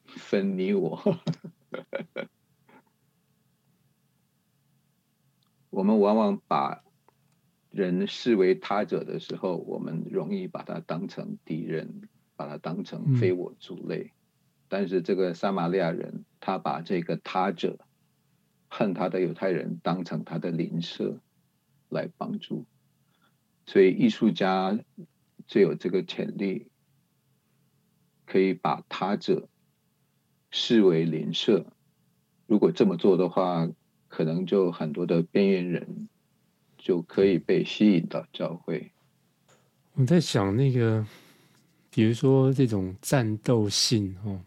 分你我， 我們往往把人視為他者的時候，我們容易把他當成敵人，把他當成非我族類。嗯。但是這個撒瑪利亞人，他把這個他者恨他的猶太人，當成他的鄰舍來幫助。所以藝術家最有這個潛力，可以把他者視為鄰舍。如果這麼做的話，可能就很多的邊緣人就可以被吸引到教會。我在想那個，比如說這種戰鬥性哦，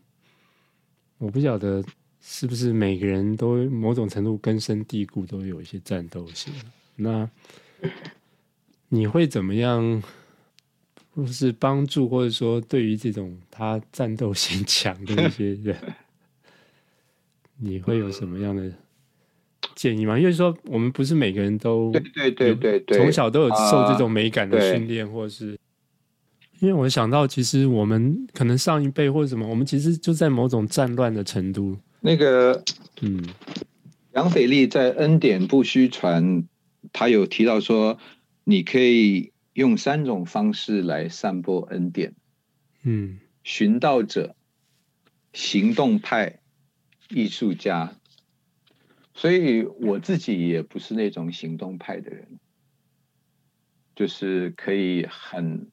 我不曉得是不是每個人都某種程度根深蒂固都有一些戰鬥性。那。你會怎麼樣？或是幫助，或者說對於這種他戰鬥性強的一些人， 你會有什麼樣的建議嗎？因為說我們不是每個人都對，對對對對，從小都有受這種美感的訓練，啊、或是因為我想到，其實我們可能上一輩或者什麼，我們其實就在某種戰亂的程度。那個，嗯，楊腓力在《恩典不虛傳》，他有提到說。你可以用三種方式來散播恩典。嗯，尋道者、行動派、藝術家。所以我自己也不是那種行動派的人，就是可以很、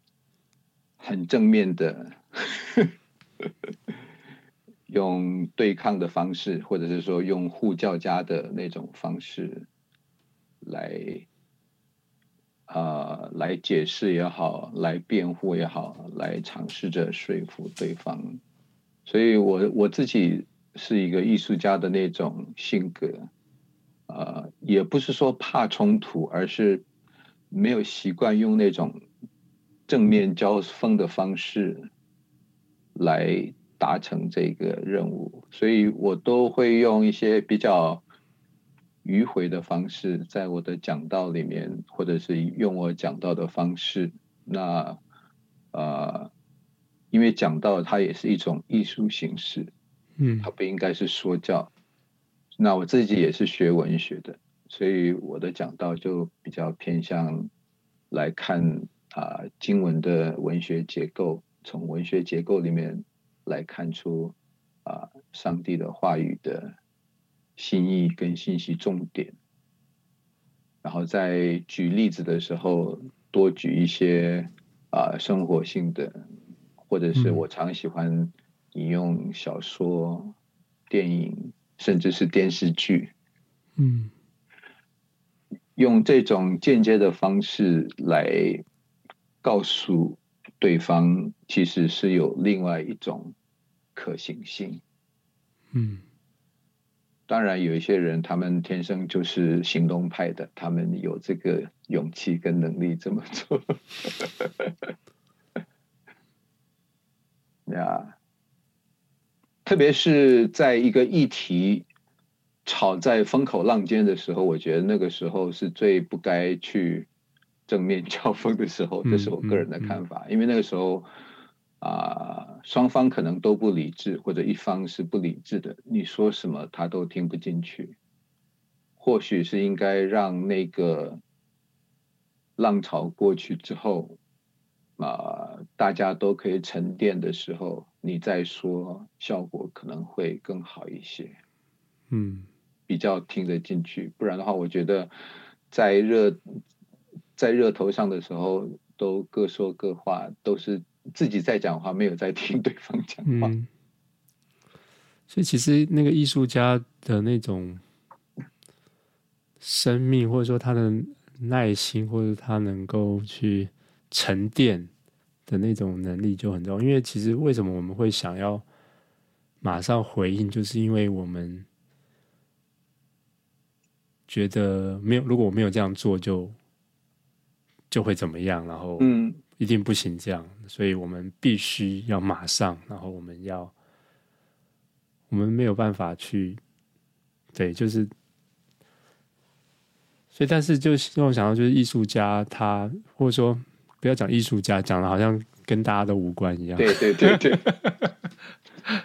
很正面的， 用對抗的方式，或者是說用護教家的那種方式來。啊、呃，來解釋也好，來辯護也好，來嘗試着說服對方。所以我我自己是一個藝術家的那種性格，啊、呃，也不是說怕衝突，而是沒有習慣用那種正面交鋒的方式來達成這個任務，所以我都會用一些比較。迂迴的方式，在我的講道裡面，或者是用我講道的方式，那啊、呃，因為講道它也是一種藝術形式，嗯，它不應該是說教，嗯。那我自己也是學文學的，所以我的講道就比較偏向來看啊、呃，經文的文學結構，從文學結構裡面來看出啊、呃，上帝的話語的。心意跟信息重點，然後在舉例子的時候，多舉一些啊、呃、生活性的，或者是我常喜歡引用小說、電影，甚至是電視劇，嗯，用這種間接的方式來告訴對方，其實是有另外一種可行性，嗯。當然，有一些人，他們天生就是行動派的，他們有這個勇氣跟能力這麼做。呀、 yeah.，特別是在一個議題吵在風口浪尖的時候，我覺得那個時候是最不該去正面交鋒的時候，這、嗯就是我個人的看法，嗯嗯嗯嗯、因為那個時候。啊，雙方可能都不理智，或者一方是不理智的，你說什麼他都聽不進去。或許是應該讓那個浪潮過去之後，啊，大家都可以沉澱的時候，你再說，效果可能會更好一些。嗯，比較聽得進去。不然的話，我覺得在熱，在熱頭上的時候，都各說各話，都是。自己在講話，沒有在聽對方講話。嗯，所以其實那個藝術家的那種生命，或者說他的耐心，或者他能夠去沉澱的那種能力就很重要。因為其實為什麼我們會想要馬上回應，就是因為我們覺得沒有，如果我沒有這樣做就，就就會怎麼樣，然後一定不行，這樣，所以我們必須要馬上，然後我們要，我們沒有辦法去，對，就是，所以，但是就，就是讓我想到，就是藝術家他，或者說，不要講藝術家，講的好像跟大家都無關一樣，對，對，對，對，對，對，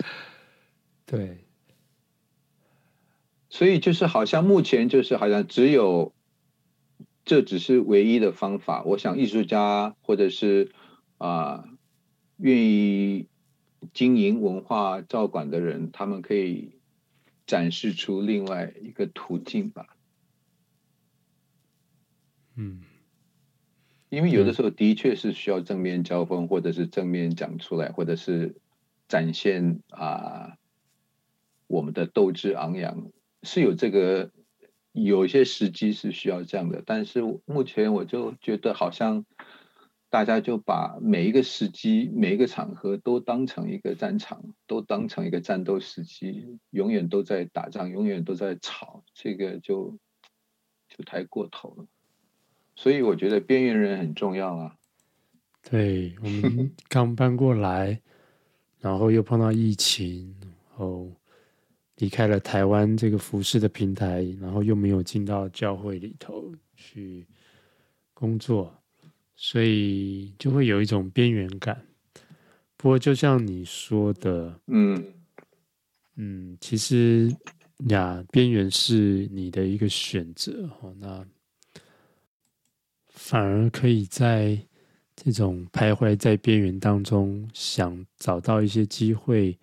對，所以就是好像目前就是好像只有。這只是唯一的方法。我想，藝術家或者是啊、呃，願意經營文化照管的人，他們可以展示出另外一個途徑吧。嗯，因為有的時候的確是需要正面交鋒，嗯、或者是正面講出來，或者是展現啊、呃，我們的鬥志昂揚是有這個。有些時機是需要這樣的，但是目前我就覺得好像大家就把每一個時機、每一個場合都當成一個戰場，都當成一個戰鬥時機，永遠都在打仗，永遠都在吵，這個就就太過頭了。所以我覺得邊緣人很重要啊。對，我們剛搬過來， 然後又碰到疫情哦。然後離開了台灣這個服侍的平台，然後又沒有進到教會裡頭去工作，所以就會有一種邊緣感。不過，就像你說的，嗯嗯，其實呀，邊緣是你的一個選擇哦。那反而可以在這種徘徊在邊緣當中，想找到一些機會。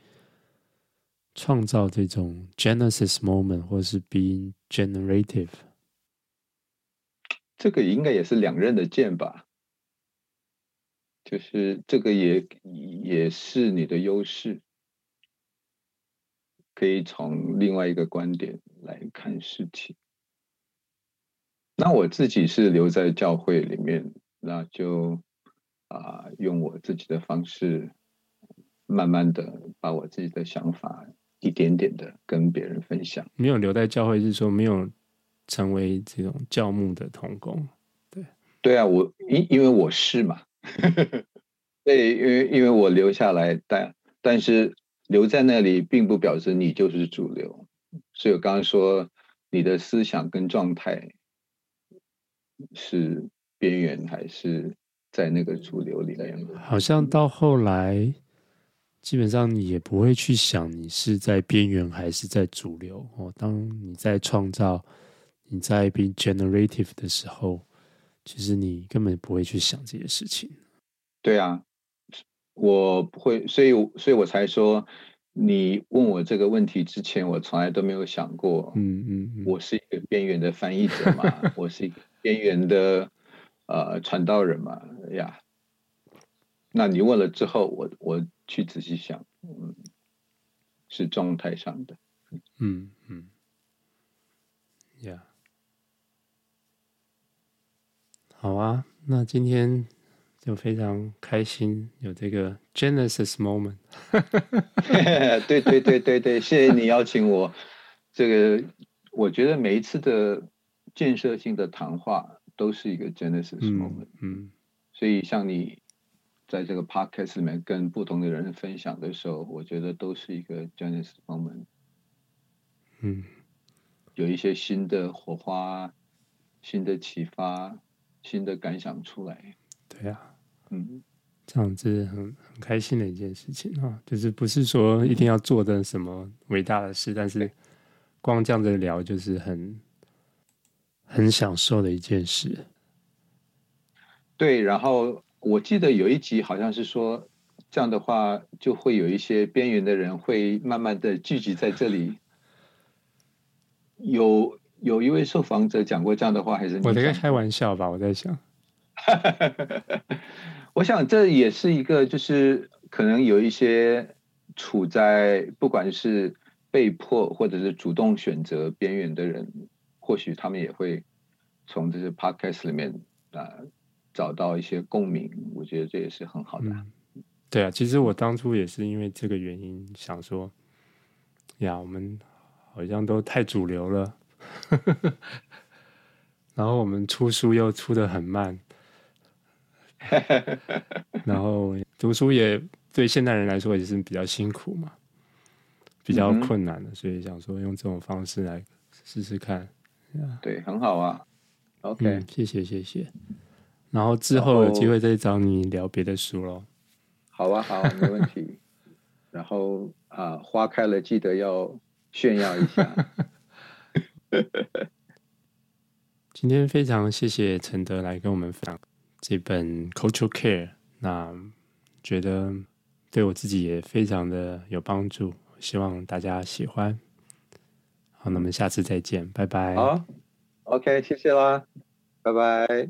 創造這種 Genesis moment，或是 being generative，這個應該也是兩刃的劍吧？就是這個也也是你的優勢，可以從另外一個觀點來看事情。那我自己是留在教會裡面，那就啊、呃，用我自己的方式，慢慢的把我自己的想法，一點點的跟別人分享。沒有留在教會是說沒有成為這種教牧的同工。對對啊，我因因為我是嘛，對， 因為因為我留下來，但但是留在那裡並不表示你就是主流，所以我剛剛說你的思想跟狀態是邊緣還是在那個主流裡的樣子，好像到後來。基本上你也不會去想你是在邊緣還是在主流哦。當你在創造，你在 be generative 的時候，其實你根本不會去想這些事情。對啊，我不會，所以，所以我才說，你問我這個問題之前，我從來都沒有想過。嗯嗯嗯，我是一個邊緣的翻譯者嘛， 我是一個邊緣的呃傳道人嘛，哎呀。那你問了之後，我我去仔細想，嗯，是狀態上的，嗯嗯，呀，Yeah，好啊，那今天就非常開心有這個 Genesis moment。 對對對對對，謝謝你邀請我。 這個我覺得每一次的建設性的談話都是一個 Genesis moment。嗯，嗯，所以像你。在這個 podcast 裡面跟不同的人分享的時候，我覺得都是一個 Genesis moment。嗯，有一些新的火花、新的啟發、新的感想出來。對啊，嗯，這樣子很很開心的一件事情啊，就是不是說一定要做的什麼偉大的事，但是光這樣子聊就是很很享受的一件事。對，然後。我記得有一集好像是說，這樣的話就會有一些邊緣的人會慢慢的聚集在這裡有。有有一位受訪者講過這樣的話，還是我在開玩笑吧？我在想， 我想這也是一個，就是可能有一些處在不管是被迫或者是主動選擇邊緣的人，或許他們也會從這些 podcast 裡面啊。呃找到一些共鳴，我覺得這也是很好的。嗯、對啊，其實我當初也是因為這個原因想說，呀，我們好像都太主流了，呵呵然後我們出書又出得很慢， 然後讀書也對現代人來說也是比較辛苦嘛，比較困難的，嗯、所以想說用這種方式來試試看。對，很好啊。OK，嗯、謝謝，謝謝。然後之後有機會再找你聊別的書嘍。好吧，好，沒問題。 然後啊，花開了記得要炫耀一下。 今天非常謝謝成德來跟我們分享這本《Culture Care》，那覺得對我自己也非常的有幫助，希望大家喜歡。好，那我們下次再見，拜拜。好，oh，OK，謝謝啦，拜拜。